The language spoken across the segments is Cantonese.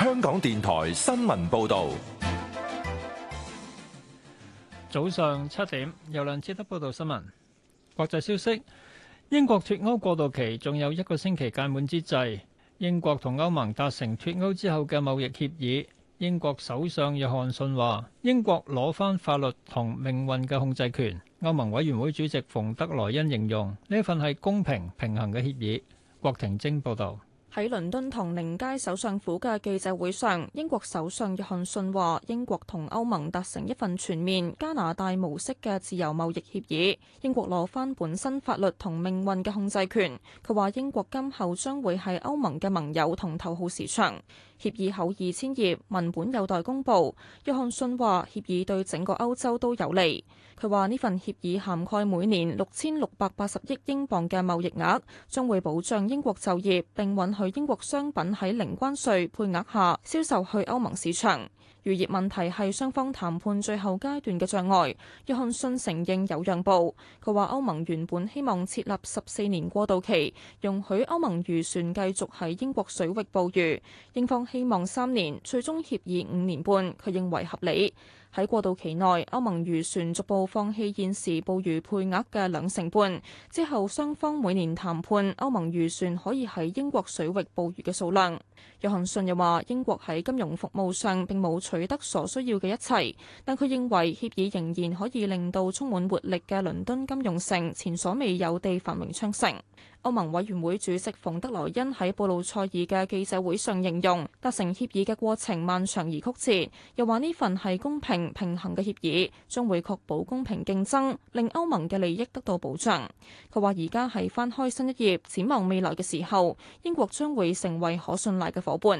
香港電台新聞報道，早上七點由梁志德報道新聞。國際消息：英國脫歐過渡期仲有一個星期屆滿之際，英國同歐盟達成脫歐之後嘅貿易協議。英國首相約翰遜話：英國攞翻法律同命運嘅控制權。歐盟委員會主席馮德萊恩形容呢份係公平平衡嘅協議。郭婷貞報道。喺倫敦唐寧街首相府嘅記者會上，英國首相約翰遜話：英國同歐盟達成一份全面加拿大模式嘅自由貿易協議，英國攞翻本身法律同命運嘅控制權。佢話英國今後將會係歐盟嘅盟友同頭號市場。協議厚二千頁，文本有待公布。約翰遜話協議對整個歐洲都有利。佢話呢份協議涵蓋每年六千六百八十億英鎊嘅貿易額，將會保障英國就業並允。去英國商品喺零關稅配額下銷售去歐盟市場，漁業問題係雙方談判最後階段嘅障礙。約翰遜承認有讓步，佢話歐盟原本希望設立十四年過渡期，容許歐盟漁船繼續喺英國水域捕魚。英方希望三年，最終協議五年半，佢認為合理。喺過渡期內，歐盟漁船逐步放棄現時捕魚配額嘅兩成半，之後雙方每年談判歐盟漁船可以喺英國水域捕魚嘅數量。約翰遜又話：英國喺金融服務上並冇取得所需要嘅一切，但佢認為協議仍然可以令到充滿活力嘅倫敦金融城前所未有地繁榮昌盛。歐盟委員會主席馮德萊恩喺布魯塞爾嘅記者會上形容達成協議嘅過程漫長而曲折，又話呢份係公平平衡嘅協議，將會確保公平競爭，令歐盟嘅利益得到保障。佢話而家係翻開新一頁，展望未來嘅時候，英國將會成為可信賴嘅伙伴，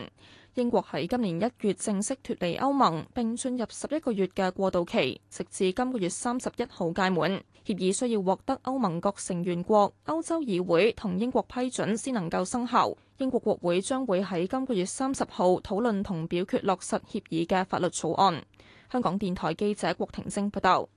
英國喺今年一月正式脱離歐盟並進入十一個月嘅過渡期，直至今個月三十一號屆滿。協議需要獲得歐盟各成員國、歐洲議會同英國批准先能夠生效。英國國會將會喺今個月三十號討論同表決落實協議嘅法律草案。香港電台記者郭婷晶報道。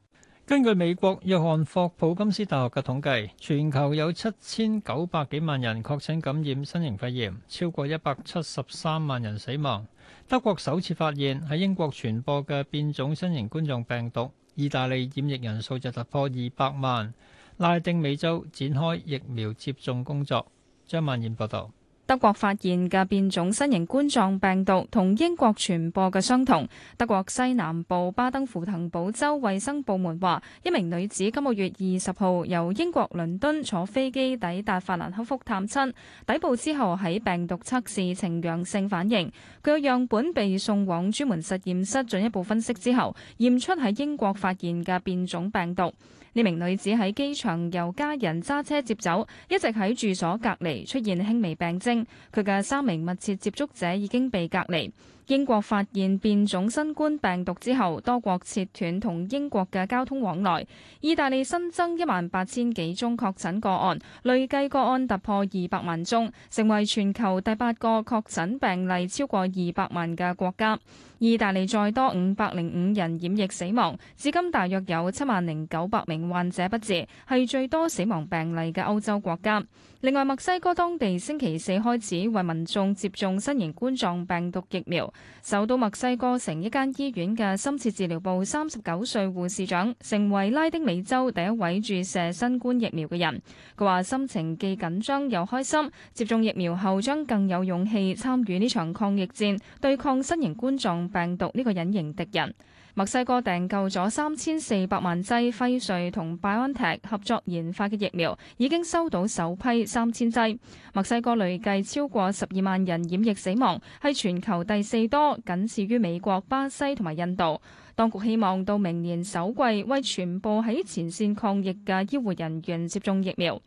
根據美國約翰霍普金斯大學嘅統計，全球有七千九百幾萬人確診感染新型肺炎，超過一百七十三萬人死亡。德國首次發現喺英國傳播嘅變種新型冠狀病毒，意大利染疫人數就突破二百萬。拉丁美洲展開疫苗接種工作。張曼燕報導。德國發現嘅變種新型冠狀病毒同英國傳播嘅相同。德國西南部巴登符騰堡州衛生部門話，一名女子今個月二十號由英國倫敦坐飛機抵達法蘭克福探親，抵埗之後喺病毒測試呈陽性反應，佢嘅樣本被送往專門實驗室進一步分析之後，驗出喺英國發現嘅變種病毒。呢名女子喺機場由家人揸車接走，一直喺住所隔離，出現輕微病徵。佢嘅三名密切接觸者已經被隔離。英國發現變種新冠病毒之後，多國切斷同英國嘅交通往來。意大利新增一萬八千幾宗確診個案，累計個案突破二百萬宗，成為全球第八個確診病例超過二百萬嘅國家。意大利再多五百零五人染疫死亡，至今大約有七萬零九百名患者不治，係最多死亡病例嘅歐洲國家。另外，墨西哥當地星期四開始為民眾接種新型冠狀病毒疫苗。首都墨西哥城一間醫院嘅深切治療部三十九歲護士長，成為拉丁美洲第一位注射新冠疫苗嘅人。佢話心情既緊張又開心，接種疫苗後將更有勇氣參與呢場抗疫戰，對抗新型冠狀病毒呢個隱形敵人。墨西哥訂購咗三千四百萬劑輝瑞同 BioNTech 合作研發嘅疫苗，已經收到首批三千劑。墨西哥累計超過十二萬人染疫死亡，係全球第四多，僅次於美國、巴西同埋印度。當局希望到明年首季，為全部喺前線抗疫嘅醫護人員接種疫苗。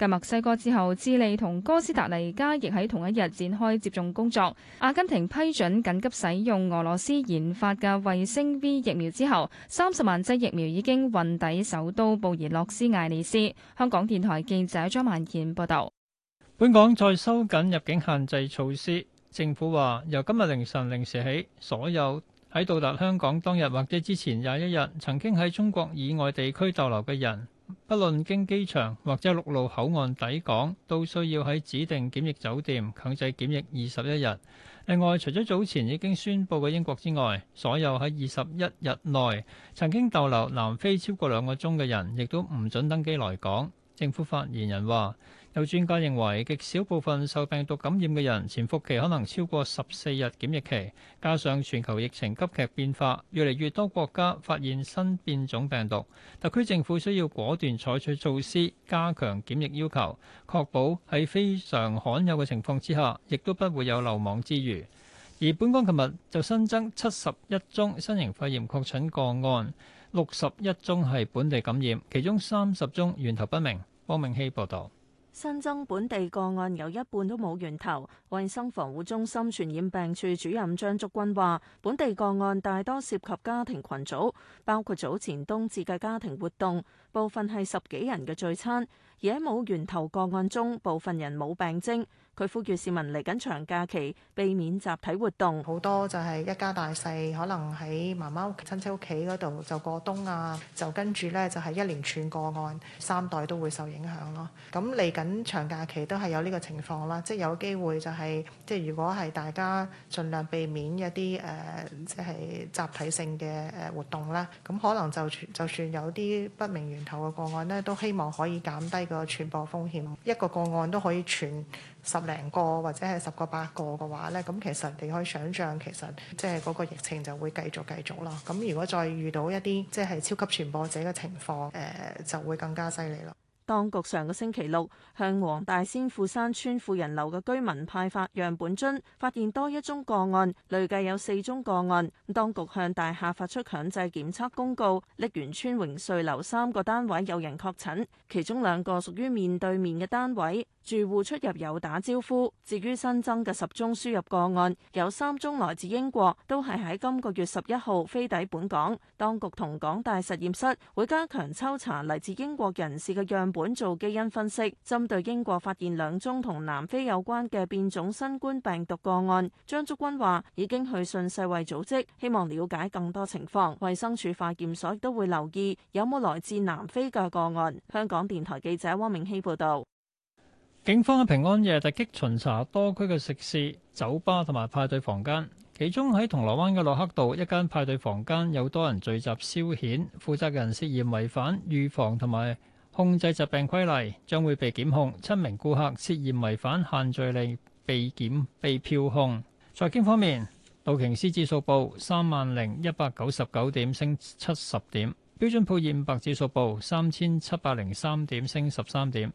繼墨西哥之後，智利同哥斯達黎加亦喺同一日展開接種工作。阿根廷批准緊急使用俄羅斯研發嘅衛星 V 疫苗之後，三十萬劑疫苗已經運抵首都布宜諾斯艾利斯。香港電台記者張萬健報道。本港再收緊入境限制措施，政府話由今日凌晨零時起，所有喺到達香港當日或者之前廿一日曾經喺中國以外地區逗留嘅人。不論經機場或者陸路口岸抵港，都需要喺指定檢疫酒店強制檢疫二十一日。另外，除咗早前已經宣布嘅英國之外，所有喺二十一日內曾經逗留南非超過兩個鐘嘅人，亦都唔准登機來港。政府發言人話。有專家認為，極少部分受病毒感染嘅人潛伏期可能超過十四日檢疫期，加上全球疫情急劇變化，越嚟越多國家發現新變種病毒。特區政府需要果斷採取措施，加強檢疫要求，確保喺非常罕有嘅情況之下，亦都不會有漏網之魚。而本港琴日就新增七十一宗新型肺炎確診個案，六十一宗係本地感染，其中三十宗源頭不明。汪明希報導。新增本地個案有一半都冇源頭，衛生防護中心傳染病處主任張竹君話，本地個案大多涉及家庭群組，包括早前冬至嘅家庭活動，部分係十幾人嘅聚餐，而喺冇源頭個案中，部分人冇病徵。佢呼籲市民嚟緊長假期避免集體活動，好多就係一家大細可能喺媽媽親戚屋企嗰度就過冬啊，就跟住咧就係一連串個案，三代都會受影響咯。咁嚟緊長假期都係有呢個情況啦，即係有機會就係即係如果係大家盡量避免一啲誒即係集體性嘅誒活動啦，咁可能就就算有啲不明源頭嘅個案咧，都希望可以減低個傳播風險，一個個案都可以傳。十零個或者係十個八個嘅話咧，咁其實你可以想象，其實即係嗰個疫情就會繼續繼續啦。咁如果再遇到一啲即係超級傳播者嘅情況誒、呃、就會更加犀利咯。當局上個星期六向黃大仙富山村富人樓嘅居民派發樣本樽，發現多一宗個案，累計有四宗個案。咁當局向大廈發出強制檢測公告，瀝源村、榮瑞樓三個單位有人確診，其中兩個屬於面對面嘅單位，住戶出入有打招呼。至於新增嘅十宗輸入個案，有三宗來自英國，都係喺今個月十一號飛抵本港。當局同港大實驗室會加強抽查來自英國人士嘅樣本。本做基因分析，針對英國發現兩宗同南非有關嘅變種新冠病毒個案。張竹君話已經去信世衛組織，希望了解更多情況，衛生署化驗所亦都會留意有冇來自南非嘅個案。香港電台記者汪明希報道。警方喺平安夜突擊巡查多區嘅食肆、酒吧同埋派對房間，其中喺銅鑼灣嘅洛克道一間派對房間有多人聚集消遣，負責人涉嫌違反預防同埋。控制疾病規例將會被檢控，七名顧客涉嫌違反限聚令，被檢被票控。財經方面，道瓊斯指數報三萬零一百九十九點，升七十點；標準普爾五百指數報三千七百零三點，升十三點。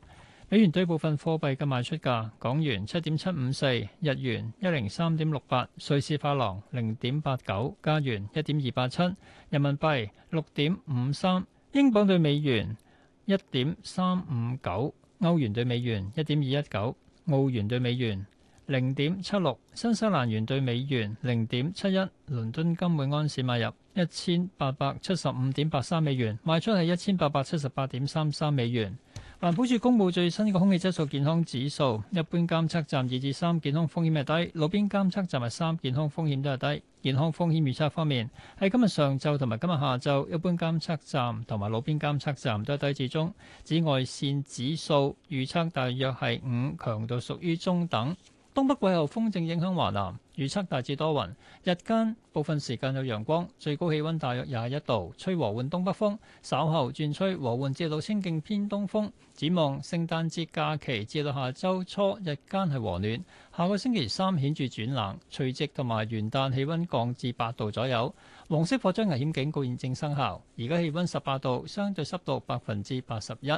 美元對部分貨幣嘅賣出價：港元七點七五四，日元一零三點六八，瑞士法郎零點八九，加元一點二八七，人民幣六點五三，英鎊對美元。一點三五九，歐元對美元，一點二一九，澳元對美元，零點七六，新西蘭元對美元，零點七一。倫敦金每安士買入一千八百七十五點八三美元，賣出係一千八百七十八點三三美元。環保署公布最新嘅空氣質素健康指數，一般監測站二至三健康風險係低，路邊監測站係三健康風險都係低。健康風險預測方面，喺今日上晝同埋今日下晝，一般監測站同埋路邊監測站都係低至中。紫外線指數預測大約係五，強度屬於中等。東北季候風正影響華南，預測大致多雲，日間部分時間有陽光，最高氣温大約廿一度，吹和緩東北風，稍後轉吹和緩至到清勁偏東風。展望聖誕節假期至到下周初，日間係和暖，下個星期三顯著轉冷，除夕同埋元旦氣温降至八度左右。黃色火災危險警告現正生效，而家氣温十八度，相對濕度百分之八十一。